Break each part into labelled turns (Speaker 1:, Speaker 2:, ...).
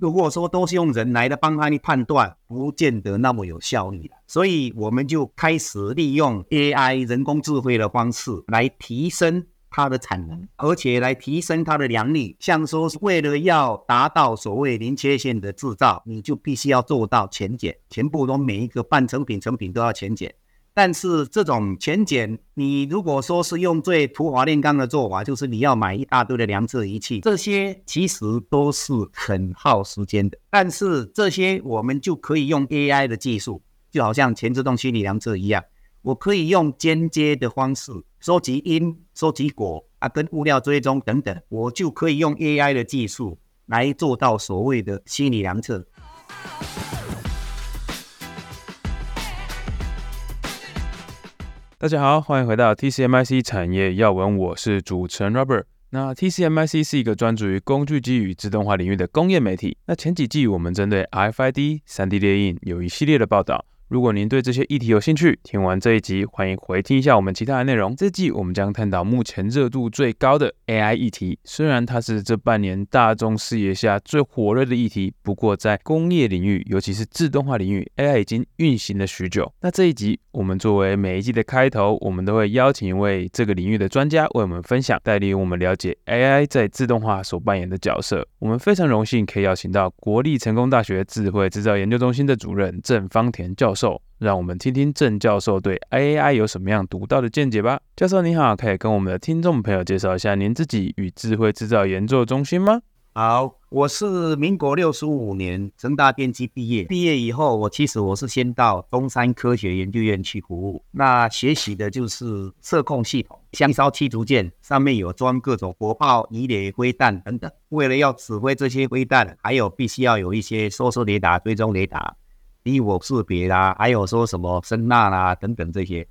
Speaker 1: 如果說都是用人來的幫他去判斷，不見得那麼有效率，所以我們就開始利用 AI 人工智慧的方式來提升它的產能，而且來提升它的良率。像說是為了要達到所謂零缺陷的制造，你就必須要做到全檢，全部都每一個半成品、成品都要全檢。但是這種全檢，你如果說是用最土法煉鋼的做法，就是你要買一大堆的量測儀器，這些其實都是很耗時間的。但是這些我們就可以用 AI 的技術，就好像全自動虛擬量測一樣，我可以用間接的方式收集因、收集果啊，跟物料追蹤等等，我就可以用 AI 的技術來做到所謂的虛擬量測。
Speaker 2: 大家好，歡迎回到 TCMIC 產業要聞，我是主持人 Robert。那 TCMIC 是一個專注於工具機與自動化領域的工業媒體。那前幾季我們針對 RFID 3D 列印有一系列的報道。如果您對這些議題有興趣，聽完這一集，歡迎回聽一下我們其他的內容。這季我們將探討目前熱度最高的 AI 議題，雖然它是這半年大眾視野下最火熱的議題，不過在工業領域，尤其是自動化領域，AI 已經運行了許久。那這一集，我們作為每一季的開頭，我們都會邀請一位這個領域的專家為我們分享，帶領我們了解 AI 在自動化所扮演的角色。我們非常榮幸可以邀請到國立成功大學智慧製造研究中心的主任鄭芳田教授。讓我們聽聽鄭教授對 AI 有什麼樣獨到的見解吧。教授您好，可以跟我們的聽眾朋友介
Speaker 1: 紹一下您自己與智慧制造研究中心嗎？好，我是民國六十五年成大電機畢業，畢業以後我其實我是先到中山科學研究院去服務，那學習的就是測控系統，像一艘驅逐艦上面有裝各種火炮、魚雷、微彈等等，為了要指揮這些微彈，還有必須要有一些搜索雷達、追蹤雷達。敵我識別啦，還有說什麼聲呐啦等等這些，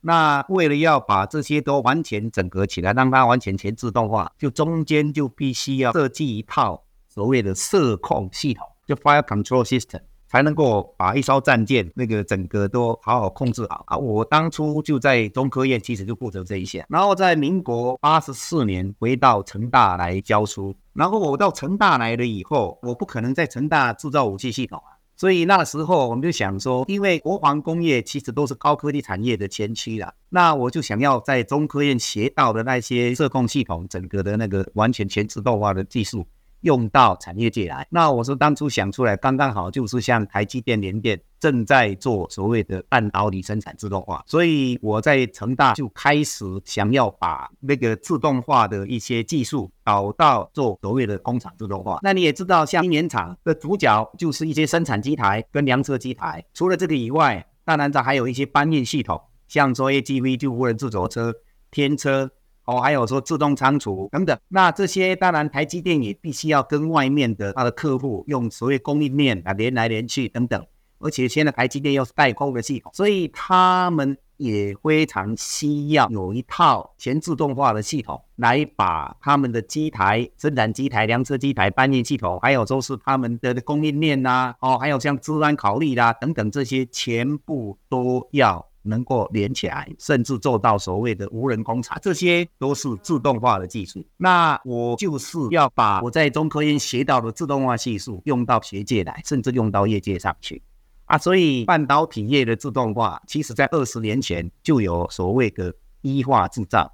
Speaker 1: 那為了要把這些都完全整合起來，讓它完全全自動化，就中間就必須要設計一套所謂的射控系統，就 fire control system，才能夠把一艘戰艦那個整個都好好控制好啊。我當初就在中科院，其實就負責這一些，然後在民國八十四年回到成大來教書，然後我到成大來了以後，我不可能在成大製造武器系統所以那時候，我們就想說，因為國防工業其實都是高科技產業的前期了，那我就想要在中科院學到的那些測控系統，整個的那個完全全自動化的技術。用到產業界來，那我是當初想出來，剛剛好就是像台積電聯電正在做所謂的半導體生產自動化，所以我在成大就開始想要把那個自動化的一些技術導到做所謂的工廠自動化。那你也知道，像晶圓廠的主角就是一些生產機台跟量測機台，除了這個以外，當然還有一些搬運系統，像說 AGV 就無人自主車、天車。哦，還有說自動倉儲等等，那這些當然台積電也必須要跟外面的它的客戶用所謂供應鏈來、啊、連來連去等等，而且現在台積電又是代工的系統，所以他們也非常需要有一套全自動化的系統來把他們的機台、生產機台、量車機台、搬運系統，還有說是他們的供應鏈啦、啊，哦，還有像資安、考慮啦、啊、等等這些全部都要。能夠連起來，甚至做到所謂的無人工廠，這些都是自動化的技術。那我就是要把我在中科院學到的自動化技術用到學界來，甚至用到業界上去。啊，所以半導體業的自動化，其實在二十年前就有所謂的 E 化製造，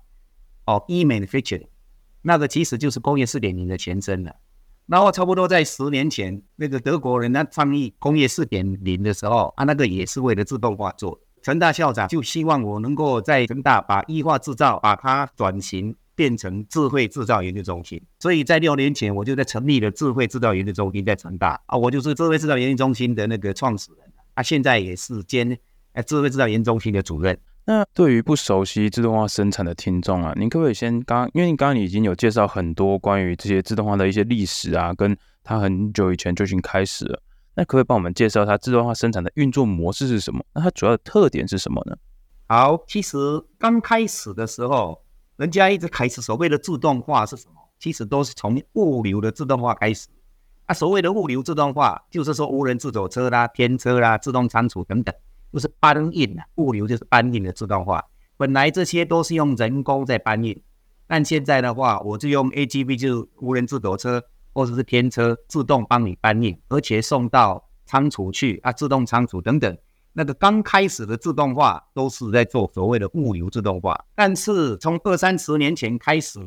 Speaker 1: 哦，E-manufacturing，那個其實就是工業四點零的前身了。然後差不多在十年前，那個德國人呢，倡議工業四點零的時候，啊，那個也是為了自動化做的。成大校長就希望我能夠在成大把異化製造把它轉型變成智慧製造研究中心，所以在六年前我就在成立了智慧製造研究中心在成大啊，我就是智慧製造研究中心的那個創始人啊，他現在也是兼智慧製造研究中心的主任。那對於不熟悉自動化生產的聽眾啊，您可不可以先剛因為剛
Speaker 2: 剛你剛剛已經有介紹很多關於這些自動化的一些歷史啊，跟它很久以前就已經開始了。那可不可以幫我們介紹它自動化生產的運作模式是什麼？那它主要的特點是什麼呢？
Speaker 1: 好，其實剛開始的時候，人家一直開始所謂的自動化是什麼？其實都是從物流的自動化開始。那、啊、所謂的物流自動化，就是說無人自動車啦、天車啦、自動倉儲等等，就是搬運啊，物流就是搬運的自動化。本來這些都是用人工在搬運，但現在的話，我就用 AGV 就是無人自動車。或者是天車自動幫你搬運，而且送到倉儲去啊，自動倉儲等等。那個剛開始的自動化都是在做所謂的物流自動化，但是從二三十年前開始，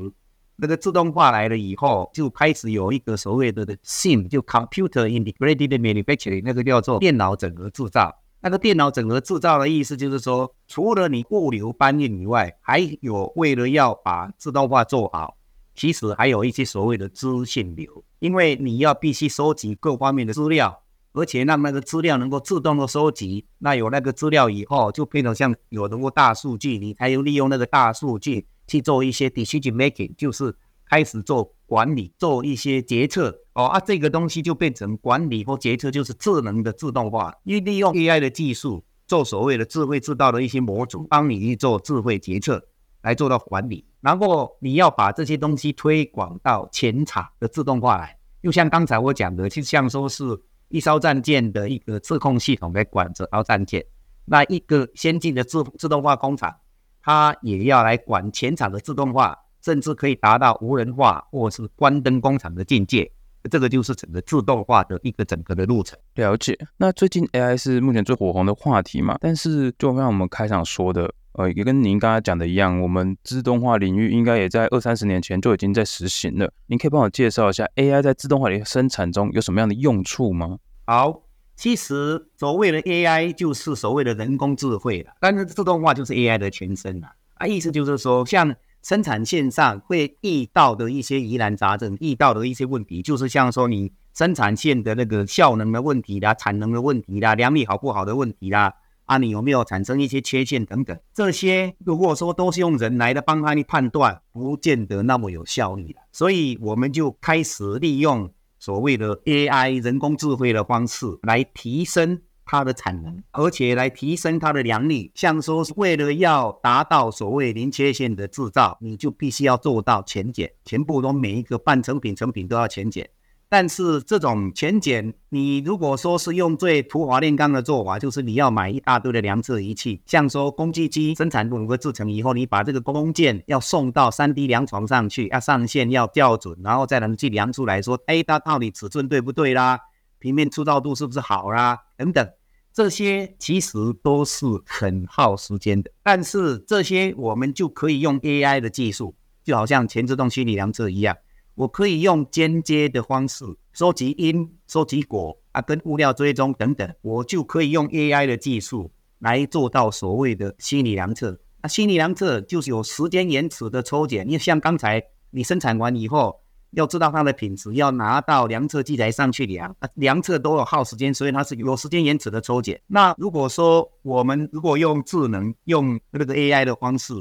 Speaker 1: 那個自動化來了以後，就開始有一個所謂的 CIM，就 Computer Integrated Manufacturing，那個叫做電腦整合製造。那個電腦整合製造的意思就是說，除了你物流搬運以外，還有為了要把自動化做好。其實還有一些所謂的資訊流，因為你要必須收集各方面的資料，而且讓那個資料能夠自動的收集。那有那個資料以後，就變成像有那個大數據，你才有利用那個大數據去做一些 decision making，就是開始做管理、做一些決策。哦啊，這個東西就變成管理或決策，就是智能的自動化，因為利用 AI 的技術做所謂的智慧製造的一些模組，幫你去做智慧決策。來做到管理，然後你要把這些東西推廣到前場的自動化來，就像剛才我講的，就像說是一艘戰艦的一個自控系統來管着一艘戰艦，那一個先進的自自動化工廠，它也要來管全廠的自動化，甚至可以達到無人化或是關燈工廠的境界，這個就是整個自動化的一個整個的路程。了解。那最近 AI 是目前最火紅的話題嘛，但是
Speaker 2: 就像我們開場說的。呃，也跟您剛才講的一樣，我們自動化領域應該也在二三十年前就已經在實行了。您可以幫我介紹一下 AI 在自動化的生產中有什麼樣的用處嗎？
Speaker 1: 好，其實所謂的 AI 就是所謂的人工智慧了，但是自動化就是 AI 的前身了啊，意思就是說，像生產線上會遇到的一些疑難雜症、遇到的一些問題，就是像說你生產線的那個效能的問題啦、產能的問題啦、良率好不好的問題啦。啊，你有沒有產生一些缺陷等等？這些如果說都是用人來的幫他去判斷，不見得那麼有效率。所以我們就開始利用所謂的 AI 人工智慧的方式來提升它的產能，而且來提升它的良率。像說是為了要達到所謂零缺陷的製造，你就必須要做到全檢，全部都每一個半成品、成品都要全檢。但是這種全檢，你如果說是用最土法煉鋼的做法，就是你要買一大堆的量測儀器，像說工具機生產如何制成以後，你把這個工件要送到三 D 量床上去，要上線要校準，然後再能去量出來說，哎，它到底尺寸對不對啦，啊，平面粗糙度是不是好啦，啊，等等，這些其實都是很耗時間的。但是這些我們就可以用 AI 的技術，就好像全自動虛擬量測一樣。我可以用間接的方式收集因、收集果啊，跟物料追蹤等等，我就可以用 AI 的技術來做到所謂的虛擬量測。那、啊、虛擬量測就是有時間延遲的抽檢，因為像剛才你生產完以後，要知道它的品質，要拿到量測器材上去量。啊，量測都有耗時間，所以它是有時間延遲的抽檢。那如果說我們如果用智能、用那個 AI 的方式，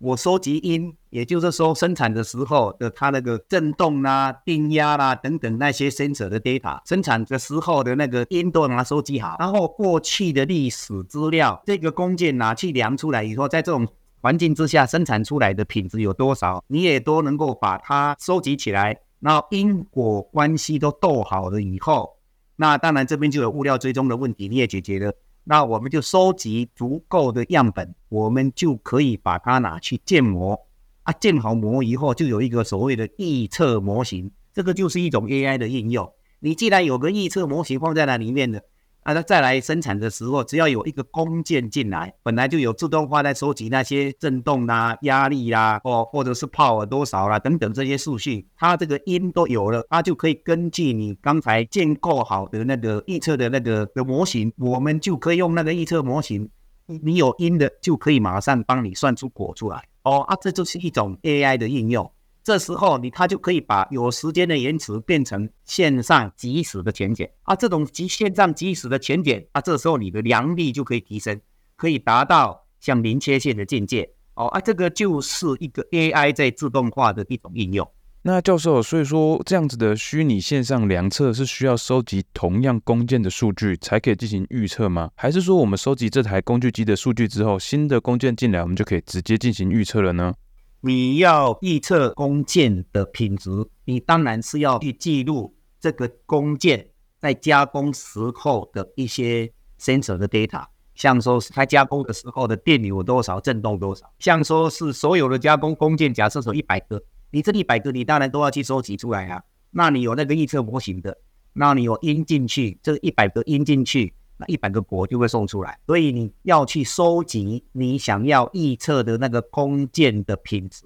Speaker 1: 我收集音，也就是說生產的時候的它那個振動啦、啊、電壓啦、啊、等等那些 sensor 的 data，生產的時候的那個音都拿它收集好，然後過去的歷史資料，這個工件拿、啊、去量出來以後，在這種環境之下生產出來的品質有多少，你也都能夠把它收集起來，那因果關係都兜好了以後，那當然這邊就有物料追蹤的問題，你也解決了。那我們就收集足夠的樣本，我們就可以把它拿去建模啊，建好模以後就有一個所謂的預測模型，這個就是一種 AI 的應用。你既然有個預測模型放在那裡面呢？那它、啊、再來生產的時候，只要有一個工件進來，本來就有自動化在收集那些振動啦、啊、壓力啦、啊，哦，或者是泡了多少啦、啊、等等這些數據，它這個音都有了，它就可以根據你剛才建構好的那個預測的那個的模型，我們就可以用那個預測模型，你有音的就可以馬上幫你算出果出來。哦，啊，這就是一種 AI 的應用。這時候你它就可以把有時間的延遲變成線上即時的全檢啊。這種即線上即時的全檢啊，這時候你的良率就可以提升，可以達到像零缺陷的境界哦、啊，這個就是一個 AI 在自動化的一種應用。
Speaker 2: 那教授，所以說這樣子的虛擬線上量測是需要收集同樣工件的數據才可以進行預測嗎？還是說我們收集這台工具機的數據之後，新的工件進來，我們就可以直接進行預測了呢？
Speaker 1: 你要預測工件的品質，你當然是要去記錄這個工件在加工時候的一些 sensor 的 data，像說是它加工的時候的電流多少，震動多少，像說是所有的加工工件，假設說一百個，你這一百個你當然都要去收集出來啊。那你有那個預測模型的，那你有 in 進去這一百個 in 進去。這100那一百個國就會送出來，所以你要去收集你想要預測的那個空間的品質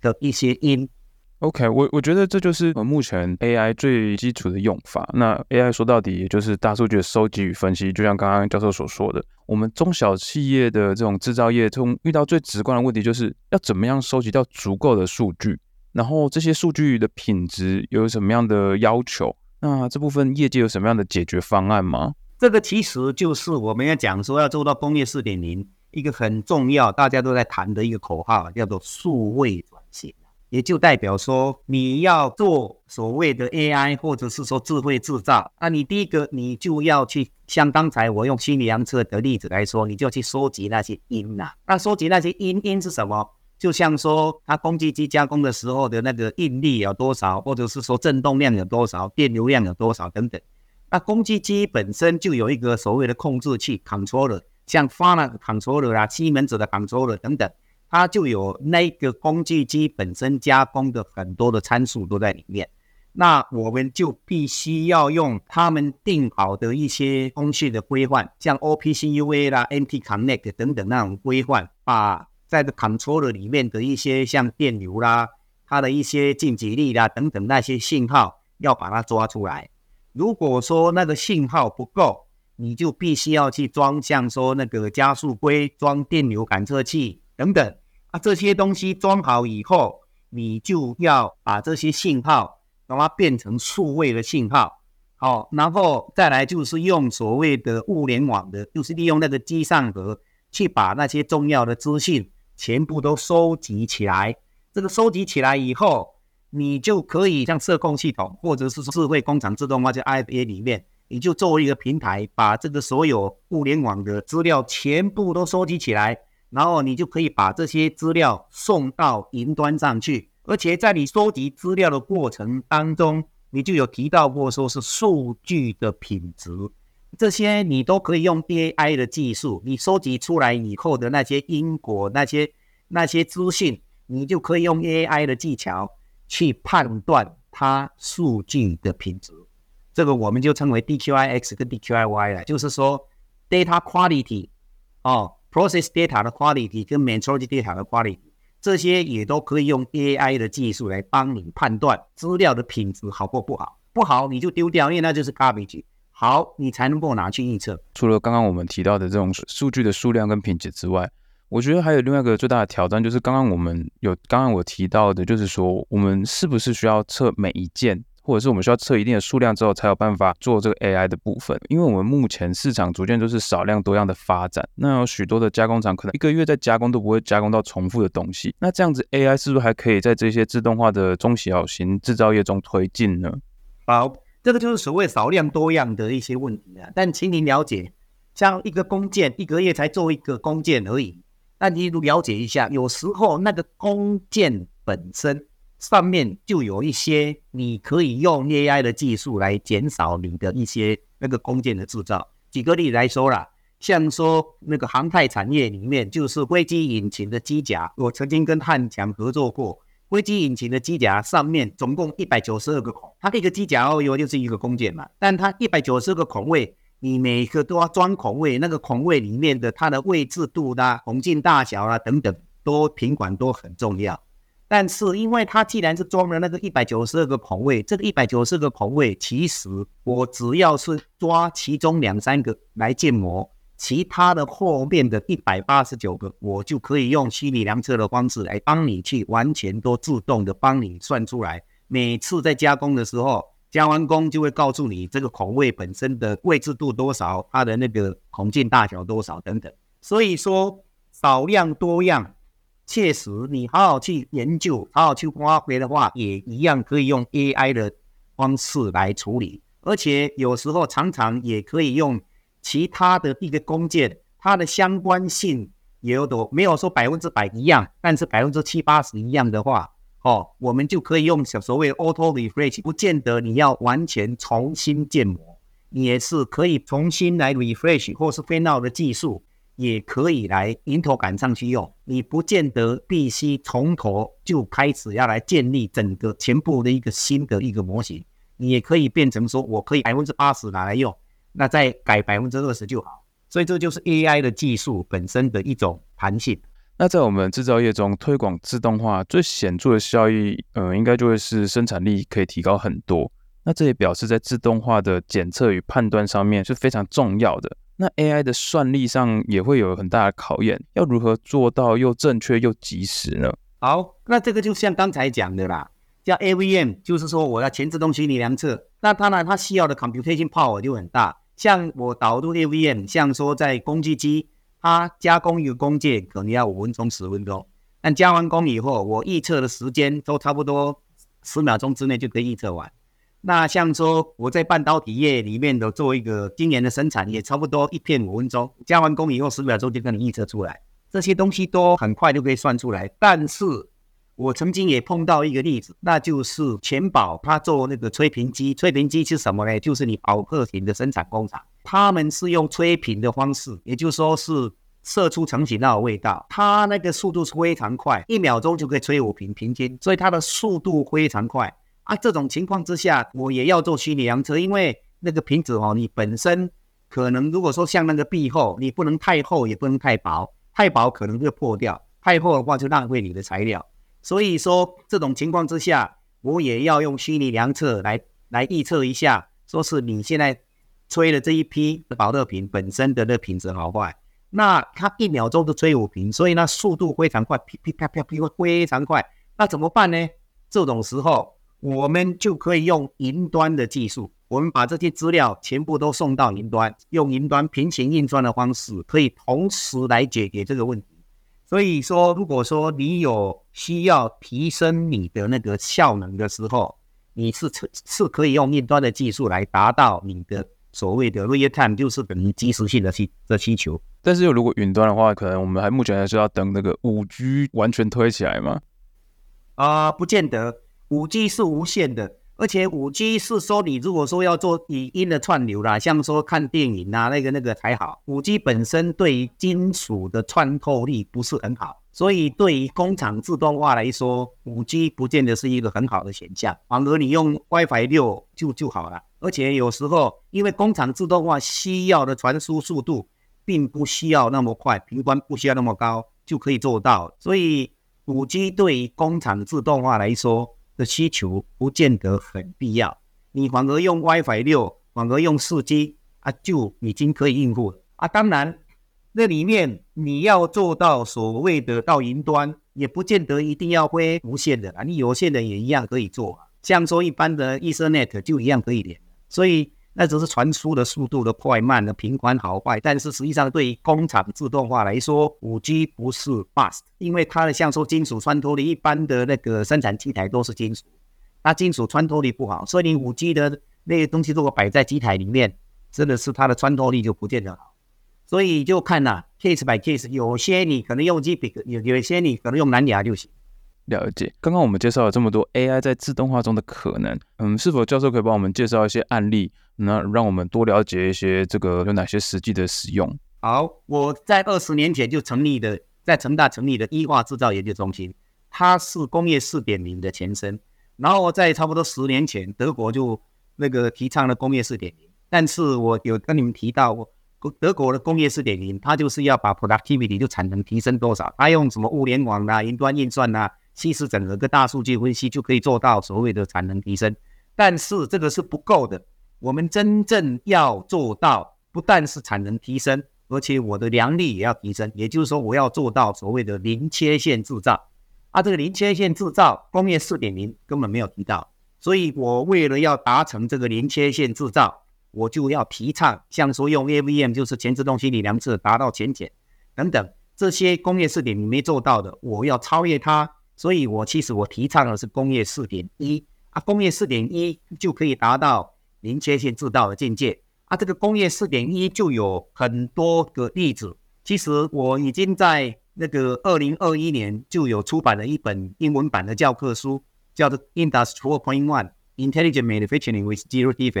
Speaker 1: 的一些因。OK，我我覺得這就是目前 AI 最基礎的用法。那 AI
Speaker 2: 說到底也就是大數據的收集與分析。就像剛剛教授所說的，我們中小企業的這種製造業中遇到最直觀的問題就是要怎麼樣收集到足夠的數據，然後這些數據的品質有什麼樣的要求？那這部分業界有什麼樣的解決方案嗎？
Speaker 1: 這個其實就是我們要講說，要做到工業四點零，一個很重要大家都在談的一個口號叫做數位轉型，也就代表說你要做所謂的 AI 或者是說智慧制造、啊,那你第一個你就要去像剛才我用新能源車的例子來說，你就去收集那些因吶，那收集那些因因是什麼？就像說它工具機加工的時候的那個應力有多少，或者是說振動量有多少，電流量有多少等等。那工具機本身就有一個所謂的控制器 （controller），像發那科的 controller 啊、西門子的 controller 等等，它就有那個工具機本身加工的很多的參數都在裡面。那我們就必須要用他們定好的一些工序的規範，像 OPC UA 啦、MT Connect 等等那種規範，把在 controller 裡面的一些像電流啦、它的一些進給力啦等等那些信號，要把它抓出來。如果說那個信號不夠，你就必須要去裝，像說那個加速規裝電流感測器等等啊，這些東西裝好以後，你就要把這些信號讓它變成數位的信號，好，然後再來就是用所謂的物聯網的，就是利用那個機上盒去把那些重要的資訊全部都收集起來，這個收集起來以後。你就可以像社控系統，或者是說智慧工廠自動化在 IPA 裡面，你就作為一個平台，把這個所有物聯網的資料全部都收集起來，然後你就可以把這些資料送到雲端上去。而且在你收集資料的過程當中，你就有提到過，說是數據的品質，這些你都可以用 A I 的技術，你收集出來以後的那些因果那些那些資訊，你就可以用 A I 的技巧。去判斷它數據的品質，這個我們就稱為 DQIX 跟 DQIY 了，就是說 data quality 哦，process data 的 quality 跟 metrology data 的 quality，這些也都可以用 AI 的技術來幫你判斷資料的品質好不好，不好你就丟掉，因為那就是 garbage，好你才能夠拿去預測。
Speaker 2: 除了剛剛我們提到的這種數據的數量跟品質之外，我覺得還有另外一個最大的挑戰，就是剛剛我們有剛剛我提到的，就是說我們是不是需要測每一件，或者是我們需要測一定的數量之後，才有辦法做這個 AI 的部分？因為我們目前市場逐漸都是少量多樣的發展，那有許多的加工廠可能一個月在加工都不會加工到重複的東西，那這樣子 AI 是不是還可以在這些自動
Speaker 1: 化的中小型制造業中推進呢？好，啊，這個就是所謂少量多樣的一些問題啊。但請您了解，像一個工件，一個月才做一個工件而已。但你都了解一下，有時候那個工件本身上面就有一些，你可以用 AI 的技術來減少你的一些那個工件的制造。舉個例來說啦，像說那個航太產業裡面就是飛機引擎的機甲，我曾經跟漢強合作過，飛機引擎的機甲上面總共一百九十二個孔，它這個機甲哦，因就是一個工件嘛，但它一百九十二個孔位。你每個都要裝孔位，那個孔位裡面的它的位置度啦、啊、孔徑大小啦、啊、等等，都品管都很重要。但是因為它既然是裝了那個一百九十二個孔位，這個一百九十二個孔位，其實我只要是抓其中兩三個來建模，其他的後面的一百八十九個，我就可以用虛擬量測的方式來幫你去完全都自動的幫你算出來。每次在加工的時候。加完工就會告訴你這個孔位本身的位置度多少，它的那個孔徑大小多少等等。所以說少量多樣，確實你好好去研究，好好去挖掘的話，也一樣可以用 AI 的方式來處理。而且有時候常常也可以用其他的一個工件，它的相關性也有多，沒有說百分之百一樣，但是百分之七八十一樣的話。哦，我們就可以用小所謂 auto refresh，不見得你要完全重新建模，你也是可以重新來 refresh 或是 fine-tune 的技術，也可以來迎頭趕上去用。你不見得必須從頭就開始要來建立整個全部的一個新的一個模型，你也可以變成說我可以百分之八十拿來用，那再改百分之二十就好。所以這就是 AI 的技術本身的一種彈性。那在我們製造業中推廣自動化，最顯著的效益，
Speaker 2: 嗯、呃，應該就會是生產力可以提高很多。那這也表示在自動化的檢測與判斷上面是非常重要的。那 AI 的算力上也會有很大的考驗，要如何做到又正確又及時呢？
Speaker 1: 好，那這個就像剛才講的啦，叫 AVM，就是說我要全自動虛擬量測，那它呢，它需要的 computational power 就很大。像我導入 AVM，像說在工具機。它加工一個工件可能要五分鐘、十分鐘，但加完工以後，我預測的時間都差不多十秒鐘之內就可以預測完。那像說我在半導體業裡面的做一個晶圓的生產，也差不多一片五分鐘，加完工以後十秒鐘就可以預測出來，這些東西都很快就可以算出來，但是。我曾經也碰到一個例子，那就是銓寶他做那個吹瓶機，吹瓶機是什麼呢？就是你寶特瓶的生產工廠，他們是用吹瓶的方式，也就是說是射出成型那種味道，它那個速度是非常快，一秒鐘就可以吹五瓶瓶均，所以它的速度非常快啊。這種情況之下，我也要做虛擬量測，因為那個瓶子哦，你本身可能如果說像那個壁厚，你不能太厚，也不能太薄，太薄可能會破掉，太厚的話就浪費你的材料。所以說，這種情況之下，我也要用虛擬量測來來預測一下，說是你現在吹的這一批的保樂瓶本身的那品質好壞。那它一秒鐘都吹五瓶，所以呢速度非常快，噼噼啪啪噼啪，非常快。那怎麼辦呢？這種時候我們就可以用雲端的技術，我們把這些資料全部都送到雲端，用雲端平行運算的方式，可以同時來解決這個問題。所以說，如果說你有需要提升你的那個效能的時候，你是是是可以用雲端的技術來達到你的所謂的 real time，就是等於即時性的需的需求。
Speaker 2: 但是，又如果雲端的話，可能我們還目前還是要等那個五 G 完全推起來嗎？
Speaker 1: 啊、呃，不見得，五 G 是無限的。而且五 G 是說你如果說要做語音的串流啦，像說看電影啊，那個那個還好，五 G 本身對於金屬的穿透力不是很好，所以對於工廠自動化來說，五 G 不見得是一個很好的選項，反而你用 WiFi 六就就好了。而且有時候因為工廠自動化需要的傳輸速度，並不需要那麼快，頻寬不需要那麼高就可以做到，所以五 G 對於工廠自動化來說，的需求不見得很必要，你反而用 WiFi 六，6，反而用四 G 啊，就已經可以應付了啊。當然，那裡面你要做到所謂的到雲端，也不見得一定要會無線的啊，你有線的也一樣可以做啊。像說一般的 Ethernet 就一樣可以連，所以。那只是傳輸的速度的快慢的頻寬好壞，但是實際上對於工廠自動化來說，五 G 不是 must 因為它的像說金屬穿透力，一般的那個生產機台都是金屬，它金屬穿透力不好，所以你五 G 的那個東西如果擺在機台裡面，真的是它的穿透力就不見得好，所以就看吶、啊、case by case，有些你可能用 GPIC，有有些你可能用藍牙就行。了解，剛剛我們介紹了這麼多
Speaker 2: AI 在自動化中的可能，嗯，是否教授可以幫我們介紹一些案例，那讓我們多了解一些這個有哪些實際的使用？
Speaker 1: 好，我在二十年前就成立的，在成大成立的 e 化製造研究中心，它是工業四點零的前身。然後我在差不多十年前，德國就那個提倡了工業四點零，但是我有跟你們提到過，德國的工業四點零，它就是要把 productivity 就產能提升多少，它用什麼物聯網啊、雲端運算吶、啊。其實整個個大數據分析就可以做到所謂的產能提升，但是這個是不夠的。我們真正要做到，不但是產能提升，而且我的良率也要提升。也就是說，我要做到所謂的零缺陷製造。啊，這個零缺陷製造，工業四點零根本沒有提到。所以我為了要達成這個零缺陷製造，我就要提倡，像說用 AVM 就是全自動虛擬量測達到全檢等等這些工業四點零沒做到的，我要超越它。所以我其實我提倡的是工業四點一啊，工業四點一就可以達到零缺陷制造的境界啊。這個工業四點一就有很多個例子。其實我已經在那個二零二一年就有出版了一本英文版的教科書，叫做《Industry Four Point One Intelligent Manufacturing with Zero Defects》，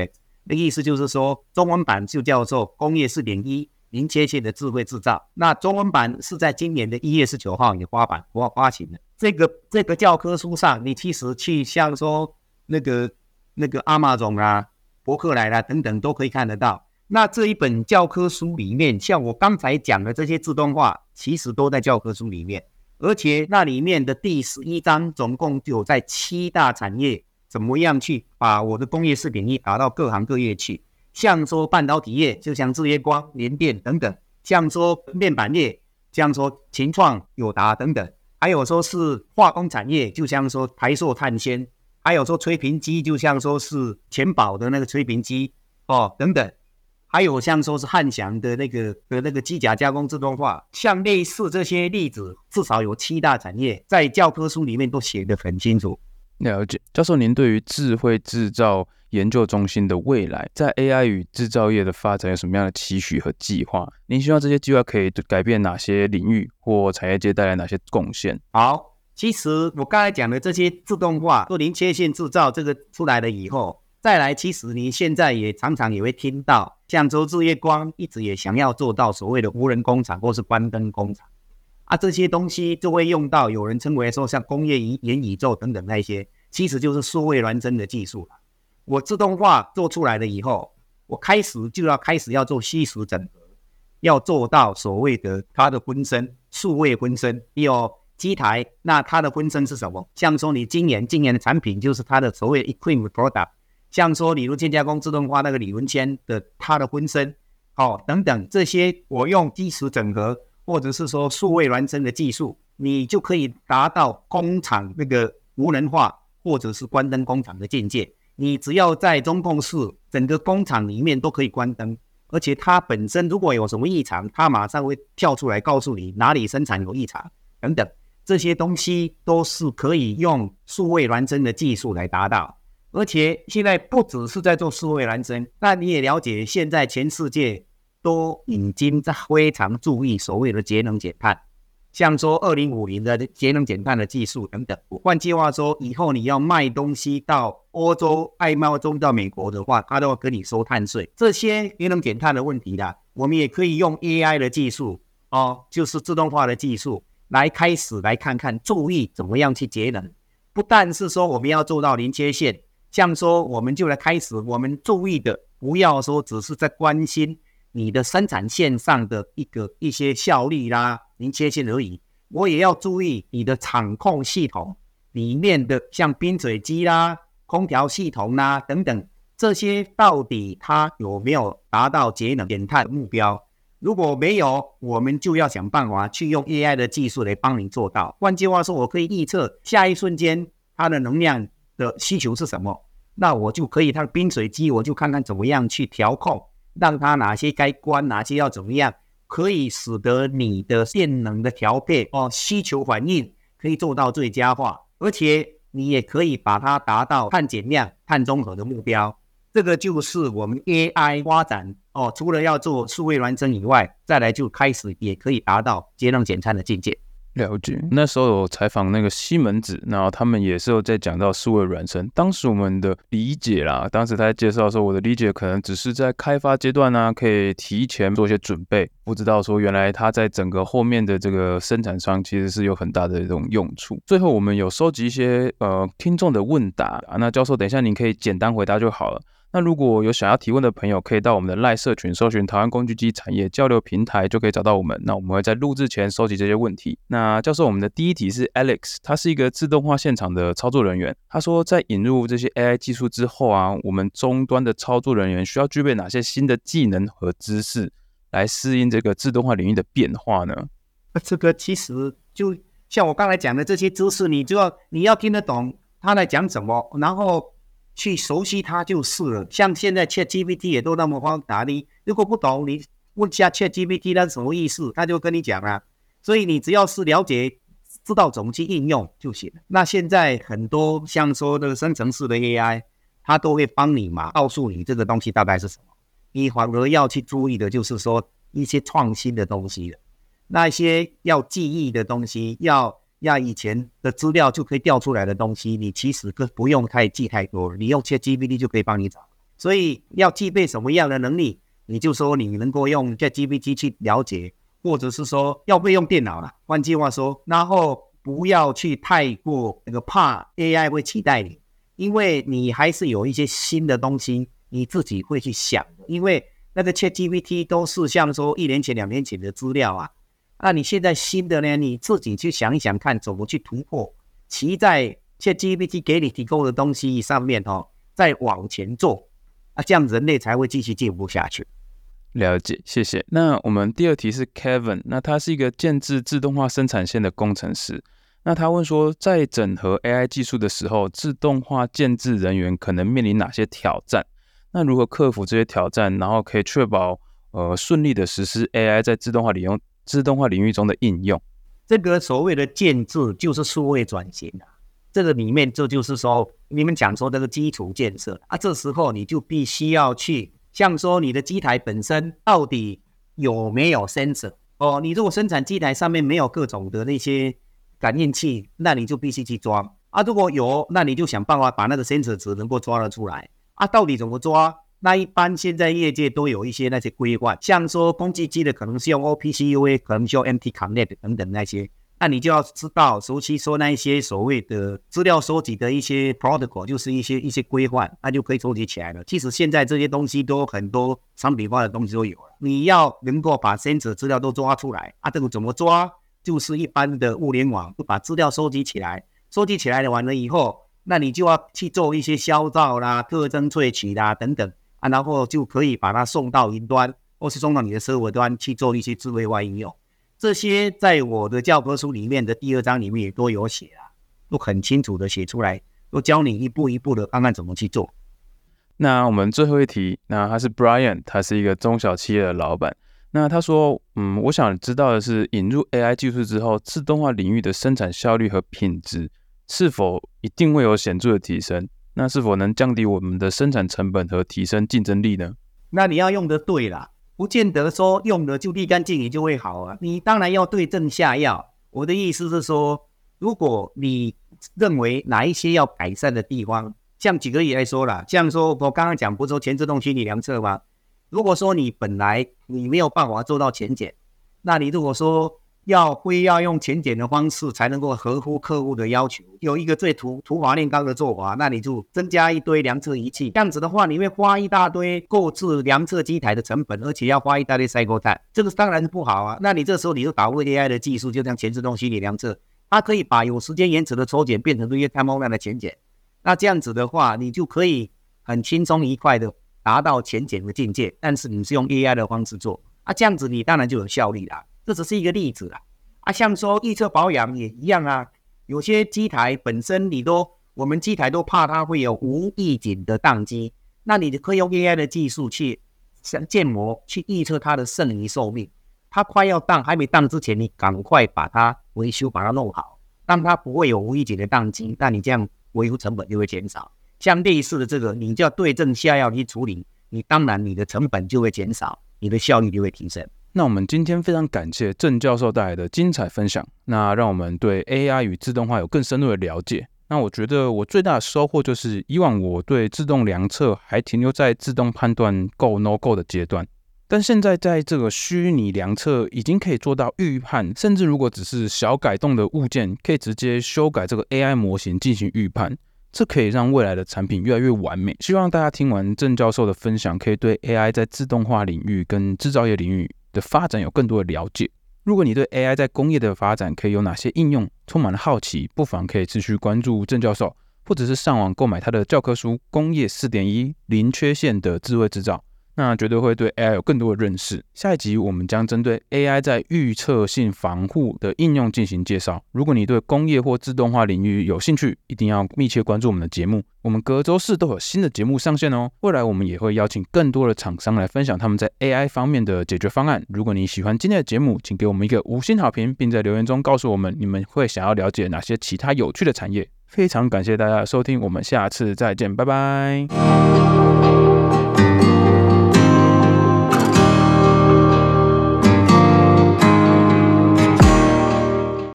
Speaker 1: 那意思就是說，中文版就叫做《工業四點一零缺陷的智慧制造》。那中文版是在今年的一月十九號也發版，我發發行的。這個這個教科書上，你其實去像說那個那個亞馬遜啊、博客來啦、啊、等等都可以看得到。那這一本教科書裡面，像我剛才講的這些自動化，其實都在教科書裡面。而且那裡面的第十一章，總共有在七大產業怎麼樣去把我的工業四點一打到各行各業去。像說半導體業，就像日月光、聯電等等；像說面板業，像說群創、友達等等。還有說是化工產業，就像說台塑碳纖，還有說吹瓶機，就像說是錢寶的那個吹瓶機哦，等等，還有像說是漢翔的那個的那個機甲加工自動化，像類似這些例子，至少有七大產業在教科書裡面都寫得很清楚。
Speaker 2: 了解，教授，您對於智慧製造研究中心的未來，在 AI 與製造業的發展有什麼樣的期許和計劃？您希望這些計劃可以改變哪些領域
Speaker 1: 或產業界帶來哪些貢獻？好，其實我剛才講的這些自動化做零切線製造這個出來了以後，再來，其實您現在也常常也會聽到，像周日月光一直也想要做到所謂的無人工廠或是關燈工廠。啊，這些東西就會用到，有人稱為說像工業元、元宇宙等等那些，其實就是數位孿生的技術了。我自動化做出來了以後，我開始就要開始要做虛實整合，要做到所謂的它的分身、數位分身，有機台，那它的分身是什麼？像說你今年、今年的產品就是它的所謂 equipment product，像說例如件加工自動化那個李文謙的它的分身，好、哦、等等這些，我用基礎整合。或者是說數位孿生的技術，你就可以達到工廠那個無人化，或者是關燈工廠的境界。你只要在中控室，整個工廠裡面都可以關燈，而且它本身如果有什麼異常，它馬上會跳出來告訴你哪裡生產有異常等等。這些東西都是可以用數位孿生的技術來達到。而且現在不只是在做數位孿生，那你也了解現在全世界，都已經在非常注意所謂的節能減碳，像說二零五零的節能減碳的技術等等。換句話說，以後你要賣東西到歐洲、愛貓中到美國的話，他都要跟你收碳稅。這些節能減碳的問題啦、啊，我們也可以用 AI 的技術哦，就是自動化的技術來開始來看看，注意怎麼樣去節能。不但是說我們要做到零缺陷，像說我們就來開始，我們注意的不要說只是在關心。你的生產線上的一個一些效率啦、啊，零缺陷而已。我也要注意你的場控系統裡面的，像冰水機啦、啊、空調系統啦、啊、等等，這些到底它有沒有達到節能減碳的目標？如果沒有，我們就要想辦法去用 AI 的技術來幫你做到。換句話說，我可以預測下一瞬間它的能量的需求是什麼，那我就可以它的冰水機，我就看看怎麼樣去調控。讓它哪些該關，哪些要怎麼樣，可以使得你的電能的調配哦，需求反應可以做到最佳化，而且你也可以把它達到碳減量、碳中和的目標。這個就是我們 AI 發展哦，除了要做數位孿生以外，再來就開始也可以達到節能減碳
Speaker 2: 的境界。了解，嗯、那時候有採訪那個西門子，然後他們也是有在講到數字孿生。當時我們的理解啦，當時他在介紹的時候，我的理解可能只是在開發階段呢、啊，可以提前做一些準備。不知道說原來他在整個後面的這個生產商其實是有很大的這種用處。最後我們有收集一些呃聽眾的問答啊，那教授，等一下您可以簡單回答就好了。那如果有想要提問的朋友，可以到我們的賴社群搜尋“台灣工具機產業交流平台”，就可以找到我們。那我們會在錄制前收集這些問題。那教授，我們的第一題是 Alex，他是一個自動化現場的操作人員。他說，在引入這些 AI 技術之後啊，我們終端的操作人員需要具備哪些新的技能和知識，來適應這個自動化領域的變化呢？那
Speaker 1: 這個其實就像我剛才講的這些知識，你就要你要聽得懂他來講什麼，然後。去熟悉它就是了，像現在 Chat GPT 也都那麼發達的，如果不懂，你問一下 Chat GPT 它是什麼意思，他就跟你講了啊。所以你只要是了解、知道怎麼去應用就行了。那現在很多像說這個生成式的 AI，它都會幫你嘛，告訴你這個東西大概是什麼。你反而要去注意的就是說一些創新的東西了，那些要記憶的東西要。要以前的資料就可以調出來的東西，你其實不不用太記太多，你用 ChatGPT 就可以幫你找。所以要具備什麼樣的能力？你就說你能夠用 ChatGPT 去了解，或者是說要不要用電腦了、啊。換句話說，然後不要去太過那個怕 AI 會取代你，因為你還是有一些新的東西你自己會去想。因為那個 ChatGPT 都是像說一年前、兩年前的資料啊。那、啊、你現在新的呢？你自己去想一想看，怎麼去突破？騎在現在 GPT 給你提供的東西上面哦，再往前做啊，這樣人類才會繼續進步下
Speaker 2: 去。了解，謝謝。那我們第二題是 Kevin，那他是一個建製自動化生產線的工程師。那他問說，在整合 AI 技術的時候，自動化建製人員可能面臨哪些挑戰？那如何克服這些挑戰，然後可以確保呃順利的實施 AI 在自動化利用？自動化領域中的應用，
Speaker 1: 這個所謂的建制，就是數位轉型啊，這個裡面，這就是說，你們講說這個基礎建設啊，這時候你就必須要去，像說你的機台本身到底有沒有 sensor 哦？你如果生產機台上面沒有各種的那些感應器，那你就必須去裝啊。如果有，那你就想辦法把那個 sensor 值能夠抓得出來啊。到底怎麼抓？那一般現在業界都有一些那些規範，像說工具機的可能是用 OPC UA，可能是用 MT Connect 等等那些，那你就要知道熟悉說那一些所謂的資料收集的一些 protocol，就是一些一些規範，那就可以收集起來了。其實現在這些東西都很多產品化的東西都有了，你要能夠把 sensors 資料都抓出來啊，這個怎麼抓？就是一般的物聯網把資料收集起來，收集起來了完了以後，那你就要去做一些消噪啦、特徵萃取啦等等。啊，然後就可以把它送到雲端，或是送到你的設備端去做一些智慧化應用。這些在我的教科書裡面的第二章裡面也都有寫啊，都很清楚的寫出來，都教你一步一步的看看怎麼去做。那我們最後一題，那他是 Brian，他是
Speaker 2: 一個中小企業的老闆。那他說，嗯，我想知道的是，引入 AI 技術之後，自動化領域的生產效率和品質是否一定會有顯著的提升？那是否能降低我們的生產成本和提升競爭力呢？
Speaker 1: 那你要用的對啦，不見得說用了就立竿見影就會好啊。你當然要對症下藥。我的意思是說，如果你認為哪一些要改善的地方，像舉個例來說啦，像說我剛剛講不是說全自動虛擬量測嗎？如果說你本來你沒有辦法做到全檢，那你如果說要非要用全檢的方式才能夠合乎客戶的要求。有一個最土土法煉鋼的做法，那你就增加一堆量測儀器，這樣子的話，你會花一大堆購置量測機台的成本，而且要花一大堆賽過碳，這個當然是不好啊。那你這時候你就導入 AI 的技術，就像全自動虛擬量測，它可以把有時間延遲的抽檢變成這些 time on line 的全檢。那這樣子的話，你就可以很輕鬆愉快的達到全檢的境界，但是你是用 AI 的方式做啊，這樣子你當然就有效率啦、啊。這只是一個例子啊，啊，像說預測保養也一樣啊，有些機台本身你都，我們機台都怕它會有無預警的宕機，那你可以用 AI 的技術去像建模去預測它的剩餘壽命，它快要宕還沒宕之前，你趕快把它維修把它弄好，讓它不會有無預警的宕機，那你這樣維護成本就會減少，像類似的這個，你就要對症下藥去處理，你當然你的成本就會減少，你的效率就會提升。那我們今天非常感謝鄭教授帶來的精彩分
Speaker 2: 享。那讓我們對 AI 與自動化有更深入的了解。那我覺得我最大的收穫就是，以往我對自動量測還停留在自動判斷 Go No Go 的階段，但現在在這個虛擬量測已經可以做到預判，甚至如果只是小改動的物件，可以直接修改這個 AI 模型進行預判。這可以讓未來的產品越來越完美。希望大家聽完鄭教授的分享，可以對 AI 在自動化領域跟製造業領域。的發展有更多的了解。如果你對 AI 在工業的發展可以有哪些應用充滿了好奇，不妨可以持續關注鄭教授，或者是上網購買他的教科書《工業四點一：零缺陷的智慧製造》。那絕對會對 AI 有更多的認識。下一集我們將針對 AI 在預測性防護的應用進行介紹。如果你對工業或自動化領域有興趣，一定要密切關注我們的節目。我們隔週四都有新的節目上線哦。未來我們也會邀請更多的廠商來分享他們在 AI 方面的解決方案。如果你喜歡今天的節目，請給我們一個五星好評，並在留言中告訴我們你們會想要了解哪些其他有趣的產業。非常感謝大家的收聽，我們下次再見，拜拜。